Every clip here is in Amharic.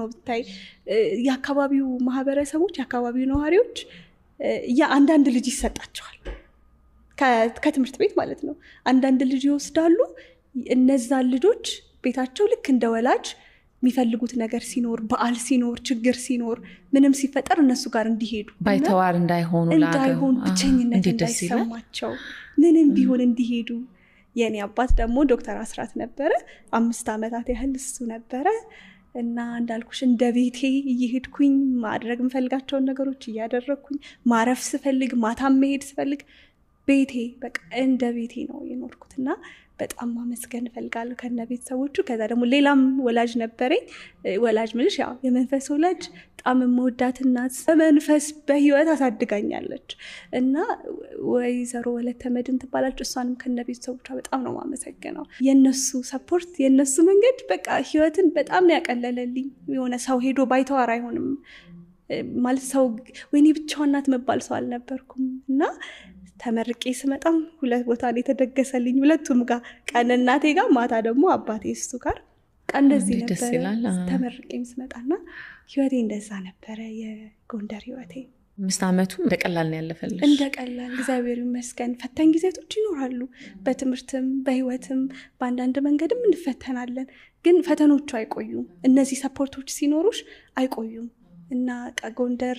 ነው ብታይ የአካባቢው ማህበረሰቦች የአካባቢው ነዋሪዎች አንዳንድ ልጅ ይሰጣቸዋል ከትምህርት ቤት ማለት ነው። አንዳንድ ልጅ ይወስዳሉ። እነዛን ልጆች ቤታቸው ልክ እንደ ወላጅ የሚፈልጉት ነገር ሲኖር፣ በዓል ሲኖር፣ ችግር ሲኖር፣ ምንም ሲፈጠር እነሱ ጋር እንዲሄዱ ባይተዋር እንዳይሆኑ እንዳይሆኑ ብቸኝነት እንዳይሰማቸው ምንም ቢሆን እንዲሄዱ የኔ አባት ደግሞ ዶክተር አስራት ነበረ። አምስት ዓመታት ያህል እሱ ነበረ። እና እንዳልኩሽ እንደ ቤቴ እየሄድኩኝ ማድረግ የምፈልጋቸውን ነገሮች እያደረግኩኝ ማረፍ ስፈልግ ማታ መሄድ ስፈልግ ቤቴ በቃ እንደ ቤቴ ነው የኖርኩት እና በጣም ማመስገን እፈልጋለሁ ከነ ቤተሰቦቹ። ከዛ ደግሞ ሌላም ወላጅ ነበረኝ። ወላጅ ምልሽ ያው የመንፈስ ወላጅ በጣም የምወዳት እናት በመንፈስ በህይወት አሳድጋኛለች እና ወይዘሮ ወለተ መድን ትባላለች። እሷንም ከነ ቤተሰቦቿ በጣም ነው ማመሰግነው። የነሱ ሰፖርት፣ የነሱ መንገድ በቃ ህይወትን በጣም ነው ያቀለለልኝ። የሆነ ሰው ሄዶ ባይተዋር አይሆንም ማለት ሰው ወይኔ ብቻዋን መባል ሰው አልነበርኩም እና ተመርቄ ስመጣም ሁለት ቦታ ነው የተደገሰልኝ፣ ሁለቱም ጋር ቀን እናቴ ጋር ማታ ደግሞ አባቴ እሱ ጋር ቀን እንደዚህ ነበረ። ተመርቄም ስመጣና ህይወቴ እንደዛ ነበረ የጎንደር ህይወቴ። አምስት ዓመቱ እንደ ቀላል ነው ያለፈልሽ? እንደ ቀላል እግዚአብሔር ይመስገን። ፈታኝ ጊዜቶች ይኖራሉ። በትምህርትም በህይወትም በአንዳንድ መንገድም እንፈተናለን። ግን ፈተኖቹ አይቆዩም። እነዚህ ሰፖርቶች ሲኖሩሽ አይቆዩም እና ጎንደር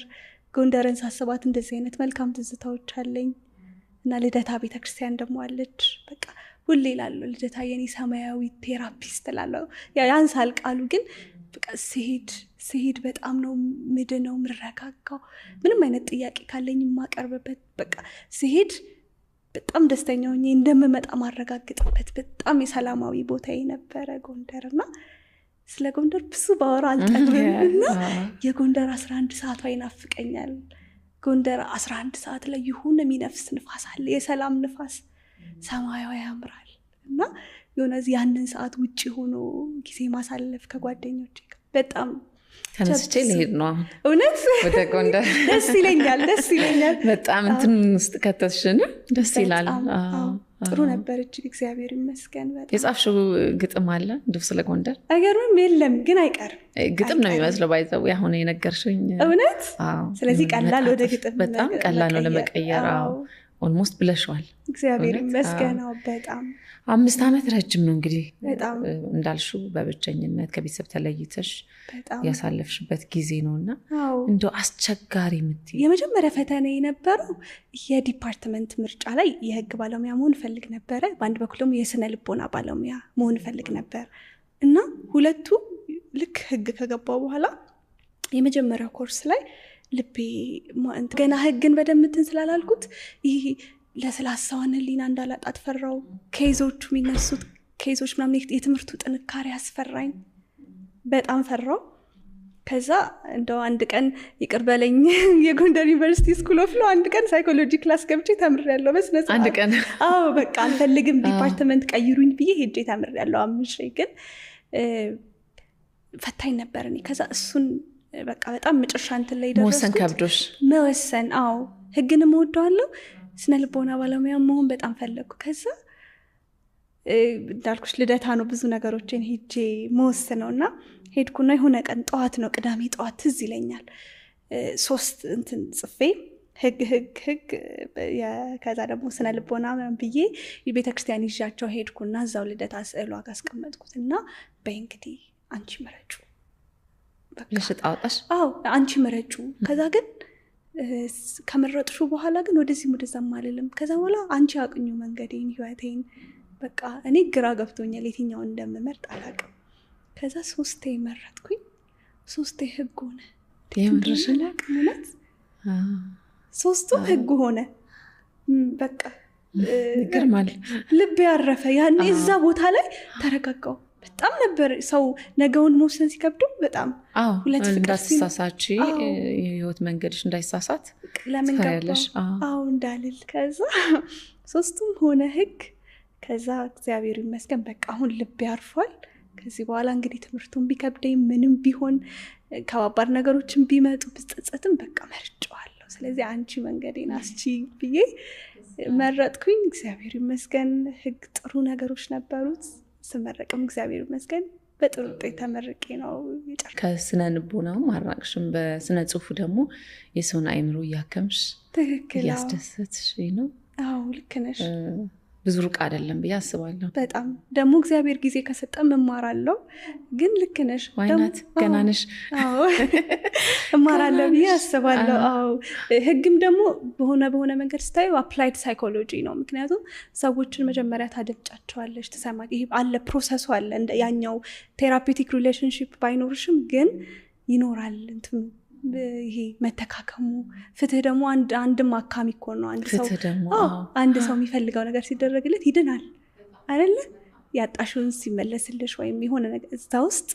ጎንደርን ሳስባት እንደዚህ አይነት መልካም ትዝታዎች አለኝ። እና ልደታ ቤተክርስቲያን ደግሞ አለች። በቃ ሁሌ ላለ ልደታ የኔ ሰማያዊ ቴራፒስት ላለው ያንሳል ቃሉ ግን በቃ ስሄድ ስሄድ በጣም ነው ምድ ነው የምረጋጋው። ምንም አይነት ጥያቄ ካለኝ የማቀርብበት በቃ ስሄድ በጣም ደስተኛ ሆኜ እንደምመጣ ማረጋግጥበት በጣም የሰላማዊ ቦታ የነበረ ጎንደር እና ስለ ጎንደር ብዙ ባወራ እና የጎንደር አስራ አንድ ሰዓቷ ይናፍቀኛል። ጎንደር 11 ሰዓት ላይ የሆነ የሚነፍስ ንፋስ አለ፣ የሰላም ንፋስ ሰማያዊ ያምራል እና የሆነ ያንን ሰዓት ውጭ ሆኖ ጊዜ ማሳለፍ ከጓደኞች በጣም ተነስቼ ልሄድ ነው አሁን። እውነት ወደ ጎንደር ደስ ይለኛል፣ ደስ ይለኛል። በጣም እንትን ውስጥ ከተሽን ደስ ይላል። ጥሩ ነበር እጅግ እግዚአብሔር ይመስገን። የጻፍሽው ግጥም አለ እንዲሁ ስለ ጎንደር አይገርምም? የለም ግን አይቀርም። ግጥም ነው የሚመስለው ባይዘው አሁን የነገርሽኝ እውነት። ስለዚህ ቀላል ወደ ግጥም በጣም ቀላል ነው ለመቀየር። ኦልሞስት ብለሽዋል። እግዚአብሔር ይመስገነው። በጣም አምስት ዓመት ረጅም ነው እንግዲህ በጣም እንዳልሹ በብቸኝነት ከቤተሰብ ተለይተሽ ያሳለፍሽበት ጊዜ ነው እና እንደ አስቸጋሪ ምት የመጀመሪያ ፈተና የነበረው የዲፓርትመንት ምርጫ ላይ የህግ ባለሙያ መሆን ፈልግ ነበረ። በአንድ በኩል ደግሞ የስነ ልቦና ባለሙያ መሆን ፈልግ ነበር እና ሁለቱ ልክ ህግ ከገባው በኋላ የመጀመሪያው ኮርስ ላይ ልቤ ገና ህግን በደምትን ስላላልኩት ይህ ለስላሳዋን ህሊና እንዳላጣት ፈራው። ከይዞቹ የሚነሱት ከይዞች ምናምን የትምህርቱ ጥንካሬ አስፈራኝ፣ በጣም ፈራው። ከዛ እንደው አንድ ቀን ይቅር በለኝ የጎንደር ዩኒቨርሲቲ ስኩል ኦፍ ሎ አንድ ቀን ሳይኮሎጂ ክላስ ገብቼ ተምሬያለሁ። በስነ አንድ ቀን አዎ፣ በቃ አልፈልግም ዲፓርትመንት ቀይሩኝ ብዬ ሄጄ ተምር ያለው አምሽ ግን ፈታኝ ነበር እኔ ከዛ እሱን በቃ በጣም መጨረሻ እንትን ላይ መወሰን ከብዶሽ መወሰን አዎ ህግን እወደዋለሁ ስነ ልቦና ባለሙያ መሆን በጣም ፈለግኩ ከዛ እንዳልኩሽ ልደታ ነው ብዙ ነገሮችን ሄጄ መወስነው እና ሄድኩና የሆነ ቀን ጠዋት ነው ቅዳሜ ጠዋት ትዝ ይለኛል ሶስት እንትን ጽፌ ህግ ህግ ህግ ከዛ ደግሞ ስነ ልቦና ብዬ ቤተክርስቲያን ይዣቸው ሄድኩና እዛው ልደታ ስዕሏ ጋር አስቀመጥኩት እና በይ እንግዲህ አንቺ ምረጩ ሽጣወጣሽ አዎ አንቺ ምረጩ ከዛ ግን ከመረጥሹ በኋላ ግን ወደዚህም ወደዛም አልልም ከዛ በኋላ አንቺ አቅኙ መንገዴን ህይወቴን በቃ እኔ ግራ ገብቶኛል የትኛውን እንደምመርጥ አላቅም ከዛ ሶስቴ መረጥኩኝ። ሶስቴ ህግ ሆነ። የምድርሽላቅነት ሶስቱም ህግ ሆነ። በቃ ይገርማል። ልብ ያረፈ ያኔ እዛ ቦታ ላይ ተረጋጋው። በጣም ነበር ሰው ነገውን መውሰን ሲከብደው በጣም ሁለት እንዳትሳሳች የህይወት መንገድሽ እንዳይሳሳት ለምን ገባሽ? አዎ እንዳልል ከዛ ሶስቱም ሆነ ህግ ከዛ እግዚአብሔር ይመስገን በቃ አሁን ልብ ያርፏል። ከዚህ በኋላ እንግዲህ ትምህርቱን ቢከብደኝ ምንም ቢሆን ከባባድ ነገሮችን ቢመጡ ብጸጸትም በቃ መርጬዋለሁ። ስለዚህ አንቺ መንገዴን አስቺ ብዬ መረጥኩኝ። እግዚአብሔር ይመስገን ህግ ጥሩ ነገሮች ነበሩት። ስመረቅም እግዚአብሔር ይመስገን በጥሩ ውጤት ተመርቄ ነው። ከስነ ልቦናውም አራቅሽም፣ በስነ ጽሁፉ ደግሞ የሰውን አይምሮ እያከምሽ እያስደሰትሽ ነው። አዎ ልክ ነሽ። ብዙ ሩቅ አይደለም ብዬ አስባለሁ። በጣም ደግሞ እግዚአብሔር ጊዜ ከሰጠ እማራለሁ። ግን ልክ ነሽ፣ ዋይናት ገና ነሽ። እማራለሁ ብዬ አስባለሁ። አዎ ህግም ደግሞ በሆነ በሆነ መንገድ ስታዩ አፕላይድ ሳይኮሎጂ ነው። ምክንያቱም ሰዎችን መጀመሪያ ታደምጫቸዋለሽ፣ ትሰማ አለ ፕሮሰሱ አለ። ያኛው ቴራፒቲክ ሪሌሽንሽፕ ባይኖርሽም ግን ይኖራል እንትኑ ይሄ መተካከሙ ፍትህ ደግሞ አንድም አካሚ እኮ ነው። አንድ ሰው አንድ ሰው የሚፈልገው ነገር ሲደረግለት ይድናል አይደለ? ያጣሽውን ሲመለስልሽ ወይም የሆነ ነገር እዛ ውስጥ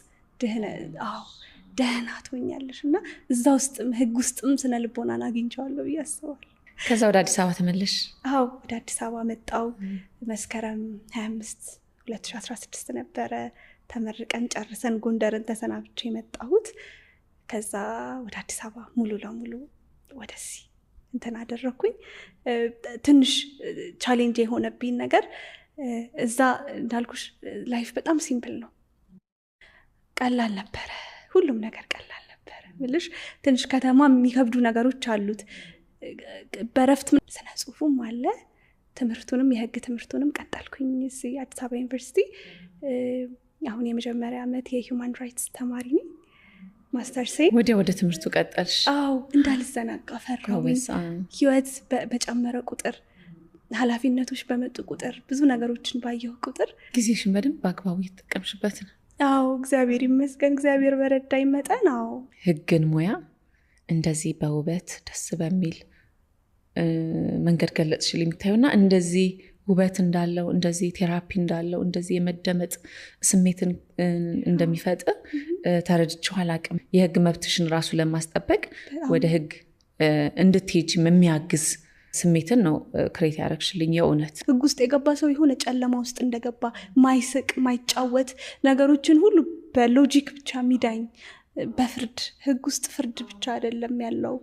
ደህና ትሆኛለሽ እና እዛ ውስጥም ህግ ውስጥም ስነ ልቦናን አግኝቸዋለሁ ብዬ አስባለሁ። ከዛ ወደ አዲስ አበባ ተመለሽ? አዎ ወደ አዲስ አበባ መጣው መስከረም 25 2016 ነበረ። ተመርቀን ጨርሰን ጎንደርን ተሰናብቼ የመጣሁት ከዛ ወደ አዲስ አበባ ሙሉ ለሙሉ ወደዚህ እንትን አደረግኩኝ። ትንሽ ቻሌንጅ የሆነብኝ ነገር እዛ እንዳልኩሽ ላይፍ በጣም ሲምፕል ነው፣ ቀላል ነበረ። ሁሉም ነገር ቀላል ነበረ። ብልሽ ትንሽ ከተማ የሚከብዱ ነገሮች አሉት። በረፍት ስነ ጽሁፉም አለ። ትምህርቱንም የህግ ትምህርቱንም ቀጠልኩኝ እዚህ አዲስ አበባ ዩኒቨርሲቲ። አሁን የመጀመሪያ ዓመት የሂውማን ራይትስ ተማሪ ነኝ። ሴ ወደ ወደ ትምህርቱ ቀጠልሽ? አዎ እንዳልዘናጋ ፈራሁኝ። ህይወት በጨመረ ቁጥር ኃላፊነቶች በመጡ ቁጥር ብዙ ነገሮችን ባየሁ ቁጥር ጊዜሽን በደንብ በአግባቡ የተጠቀምሽበት ነው? አዎ እግዚአብሔር ይመስገን። እግዚአብሔር በረዳኝ መጠን አዎ ህግን ሙያ እንደዚህ በውበት ደስ በሚል መንገድ ገለጽሽልኝ። የሚታዩና እንደዚህ ውበት እንዳለው እንደዚህ ቴራፒ እንዳለው እንደዚህ የመደመጥ ስሜትን እንደሚፈጥር ተረድቼው አላቅም። የህግ መብትሽን ራሱ ለማስጠበቅ ወደ ህግ እንድትሄጅ የሚያግዝ ስሜትን ነው ክሬት ያደረግሽልኝ። የእውነት ህግ ውስጥ የገባ ሰው የሆነ ጨለማ ውስጥ እንደገባ ማይስቅ፣ ማይጫወት ነገሮችን ሁሉ በሎጂክ ብቻ የሚዳኝ በፍርድ ህግ ውስጥ ፍርድ ብቻ አይደለም ያለው።